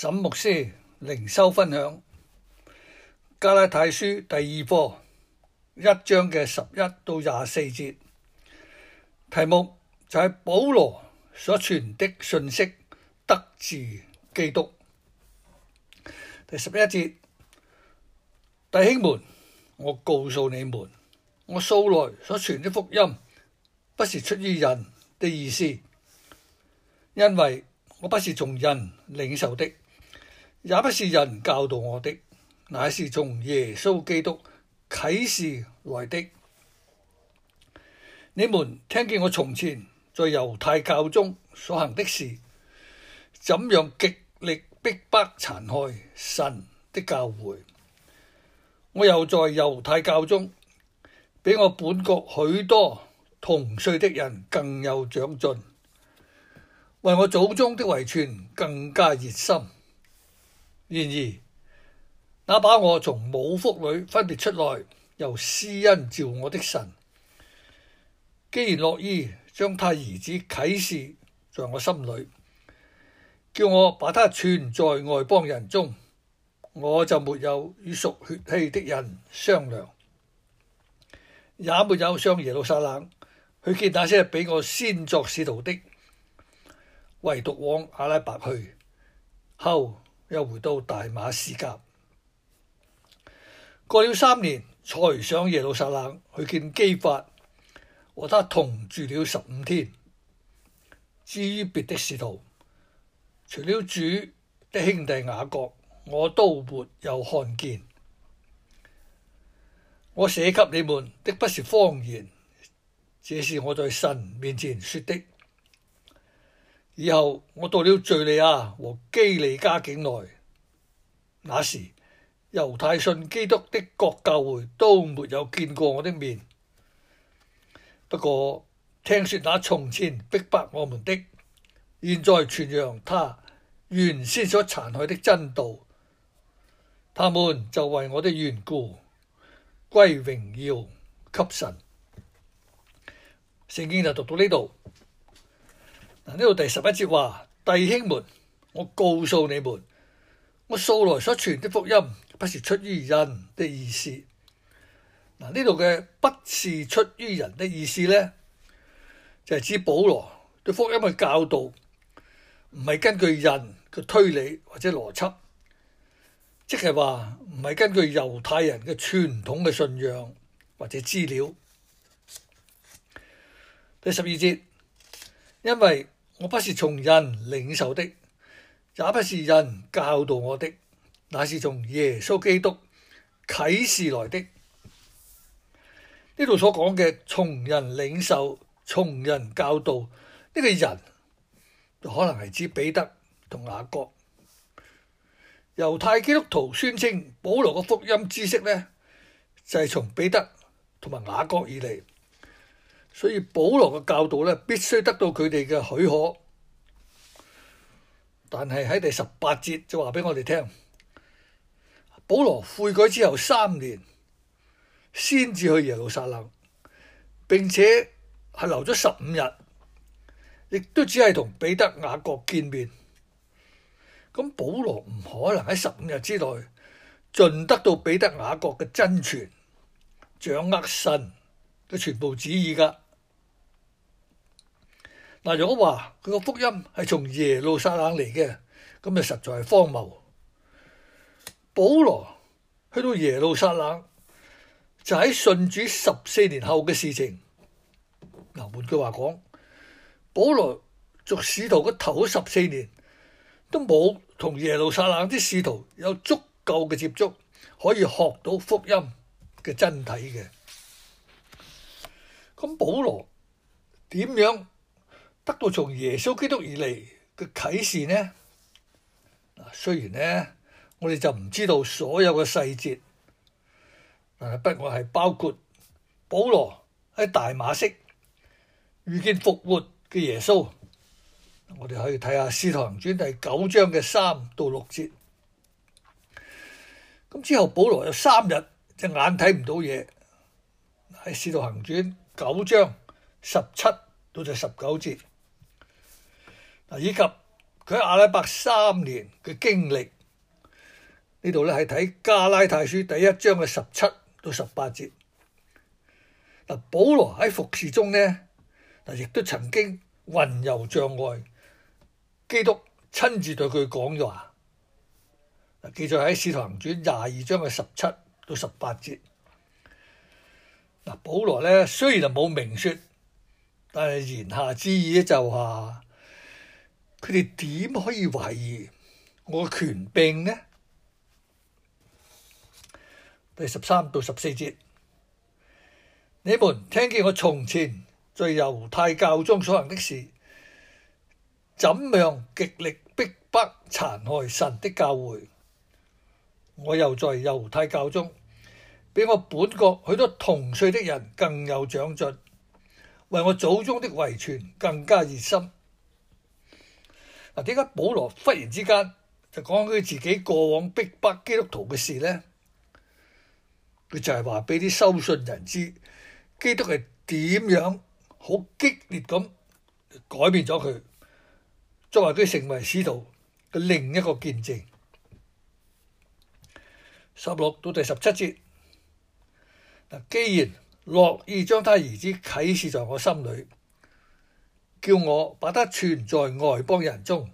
沈牧師靈修分享《加拉太書》第二課，一章嘅十一到廿四節，題目就係保羅所傳的信息得自基督。第十一節，弟兄們，我告訴你們，我素來所傳的福音，不是出於人的意思，因為我不是從人領受的。也不是人教導我的，乃是從耶穌基督啟示來的。你們聽見我從前在猶太教中所行的事，怎樣極力逼迫殘害神的教會，我又在猶太教中，比我本國許多同歲的人更有長進，為我祖宗的遺傳更加熱心。然而，那把我從母腹裏分別出來，由施恩召我的神，既然樂意將他兒子啟示在我心裡，叫我把他傳在外邦人中，我就沒有與屬血氣的人商量，也沒有上耶路撒冷去見那些比我先作使徒的，唯獨往阿拉伯去後。又回到大馬士革，過了三年，才上耶路撒冷去見磯法，和他同住了十五天。至於別的使徒，除了主的兄弟雅各，我都沒有看見。我寫給你們的不是謊言，這是我在神面前說的。以後我到了敘利亞和基利加境內，那時猶太信基督的各教會都沒有見過我的面。不過聽說那從前逼迫我們的，現在傳揚他原先所殘害的真道，他們就為我的緣故歸榮耀給神。聖經就讀到呢度。呢度第十一節話，弟兄們，我告訴你們，我素來所傳的福音，不是出於人的意思。嗱，呢度嘅不是出於人的意思咧，就係指保羅對福音嘅教導，唔係根據人嘅推理或者邏輯，即係話唔係根據猶太人嘅傳統嘅信仰或者資料。第十二節，因為我不是從人領受的，也不是人教導我的，那是從耶穌基督啟示來的。呢度所講嘅從人領受、從人教導呢、呢個人，就可能係指彼得同雅各。猶太基督徒宣稱保羅嘅福音知識呢，就係、是、從彼得同埋雅各以嚟。所以保羅嘅教導咧，必須得到佢哋嘅許可。但係喺第十八節就話俾我哋聽，保羅悔改之後三年，先至去耶路撒冷，並且係留咗十五日，亦都只係同彼得、雅各見面。咁保羅唔可能喺十五日之內，盡得到彼得、雅各嘅真傳，掌握神。佢全部旨意噶。嗱，如果話佢個福音係從耶路撒冷嚟嘅，咁就實在係荒謬。保羅去到耶路撒冷，就喺信主十四年後嘅事情。嗱，換句話講，保羅做使徒嘅頭十四年，都冇同耶路撒冷啲使徒有足夠嘅接觸，可以學到福音嘅真體嘅。咁保羅點樣得到從耶穌基督而嚟嘅啟示呢？雖然呢，我哋就唔知道所有嘅細節，但係不過係包括保羅喺大馬色遇見復活嘅耶穌。我哋可以睇下《使徒行傳》第九章嘅三到六節。咁之後，保羅有三日隻眼睇唔到嘢，喺《使徒行傳》。九章十七到就十九節，嗱以及佢喺阿拉伯三年嘅經歷，呢度咧係睇加拉太書第一章嘅十七到十八節。嗱，保羅喺服侍中呢，嗱亦都曾經困擾障礙，基督親自對佢講咗話，嗱記載喺使徒行傳廿二章嘅十七到十八節。保羅咧雖然就冇明説，但係言下之意就話，「佢哋點可以懷疑我權柄呢？」第十三到十四節，你們聽見我從前在猶太教中所行的事，怎樣極力逼迫殘害神的教會，我又在猶太教中。比我本國許多同歲的人更有長進，為我祖宗的遺傳更加熱心。嗱，點解保羅忽然之間就講佢自己過往逼迫基督徒嘅事呢？佢就係話俾啲收信人知，基督係點樣好激烈咁改變咗佢，作為佢成為使徒嘅另一個見證。十六到第十七節。既然樂意將他兒子啟示在我心裏，叫我把他傳在外邦人中，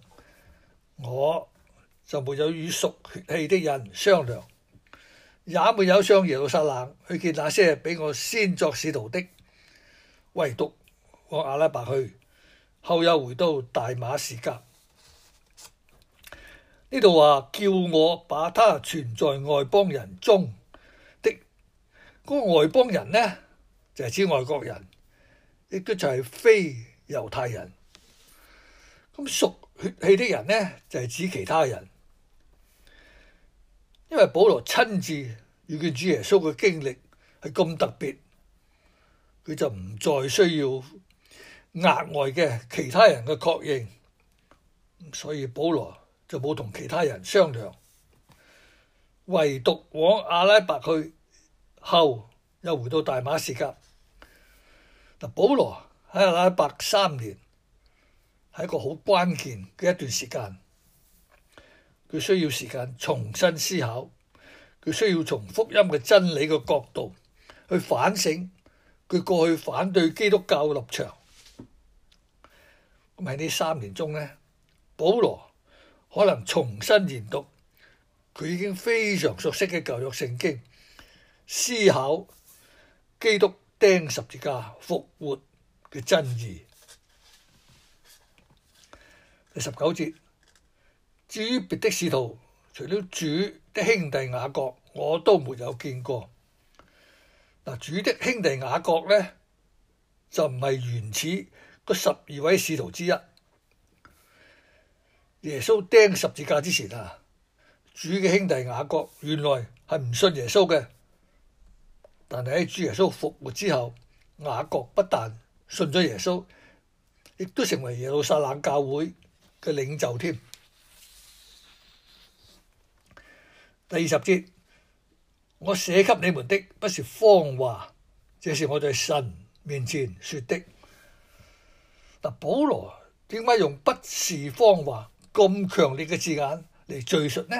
我就沒有與屬血氣的人商量，也沒有上耶路撒冷去見那些比我先作使徒的，唯獨往阿拉伯去，後又回到大馬士革。呢度話叫我把他傳在外邦人中。嗰個外邦人呢，就係指外國人，亦都就係非猶太人。咁屬血氣的人呢，就係指其他人。因為保羅親自遇見主耶穌嘅經歷係咁特別，佢就唔再需要額外嘅其他人嘅確認，所以保羅就冇同其他人商量，唯獨往阿拉伯去。後又回到大馬士革。嗱，保羅喺阿拉伯三年係一個好關鍵嘅一段時間，佢需要時間重新思考，佢需要從福音嘅真理嘅角度去反省佢過去反對基督教立場。咁喺呢三年中咧，保羅可能重新研讀佢已經非常熟悉嘅舊約聖經。思考基督釘十字架復活嘅真義。第十九節，至於別的使徒，除了主的兄弟雅各，我都沒有見過。嗱，主的兄弟雅各咧，就唔係原始嗰十二位使徒之一。耶穌釘十字架之前啊，主嘅兄弟雅各原來係唔信耶穌嘅。但係喺主耶穌復活之後，雅各不但信咗耶穌，亦都成為耶路撒冷教會嘅領袖添。第二十節，我寫給你們的不是謊話，這是我在神面前說的。但保羅點解用不是謊話咁強烈嘅字眼嚟敘述呢？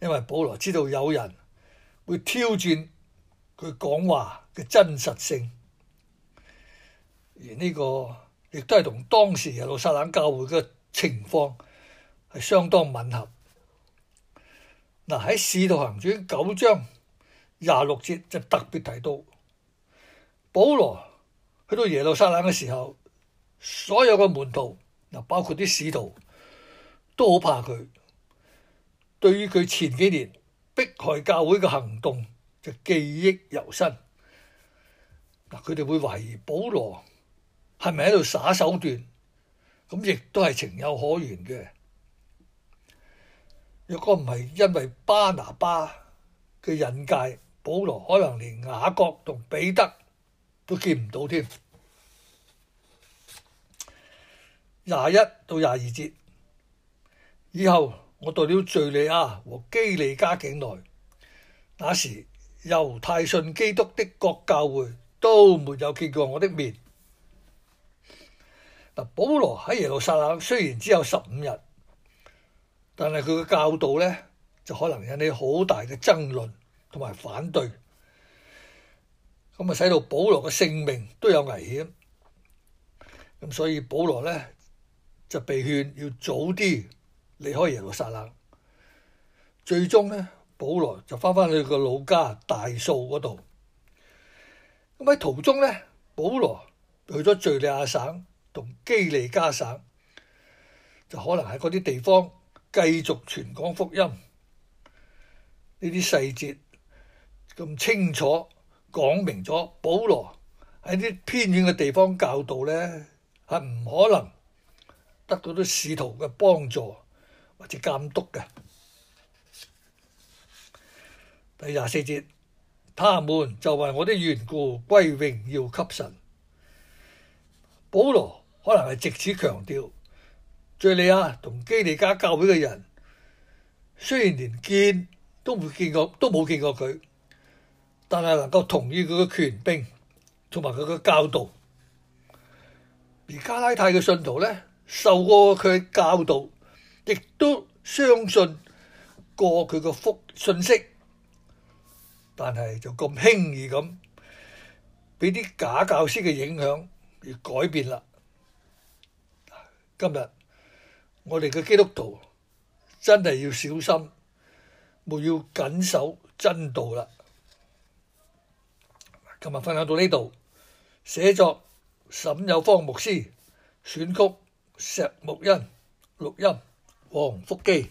因為保羅知道有人。會挑戰佢講話嘅真實性，而呢、這個亦都係同當時耶路撒冷教會嘅情況係相當吻合。嗱，喺使徒行傳九章廿六節就是，特別提到，保羅去到耶路撒冷嘅時候，所有嘅門徒嗱，包括啲使徒都好怕佢，對於佢前幾年。迫害教會嘅行動就記憶猶新。嗱，佢哋會懷疑保羅係咪喺度耍手段，噉亦都係情有可原嘅。若果唔係因為巴拿巴嘅引介，保羅可能連雅各同彼得都見唔到添。廿一到廿二節以後。我代表敘利亞和基利加境內，那時猶太信基督的各教會都沒有見過我的面。嗱，保羅喺耶路撒冷雖然只有十五日，但係佢嘅教導咧就可能引起好大嘅爭論同埋反對，咁啊使到保羅嘅性命都有危險。咁所以保羅咧就被勸要早啲。離開耶路撒冷，最終咧，保羅就翻翻去佢個老家大數嗰度。咁喺途中咧，保羅去咗敍利亞省同基利加省，就可能喺嗰啲地方繼續傳講福音。呢啲細節咁清楚講明咗，保羅喺啲偏遠嘅地方教導咧，係唔可能得到啲使徒嘅幫助。或者監督嘅。第廿四節，他們就為我啲緣故歸榮耀給神。保羅可能係藉此強調，敍利亞同基利加教會嘅人，雖然連見都冇見過，都冇見過佢，但係能夠同意佢嘅權柄同埋佢嘅教導。而加拉太嘅信徒呢，受過佢嘅教導。亦都相信過佢個福信息，但係就咁輕易咁俾啲假教師嘅影響而改變啦。今日我哋嘅基督徒真係要小心，冇要緊守真道啦。今日分享到呢度，寫作沈有方牧師，選曲石木恩，錄音。黃福記。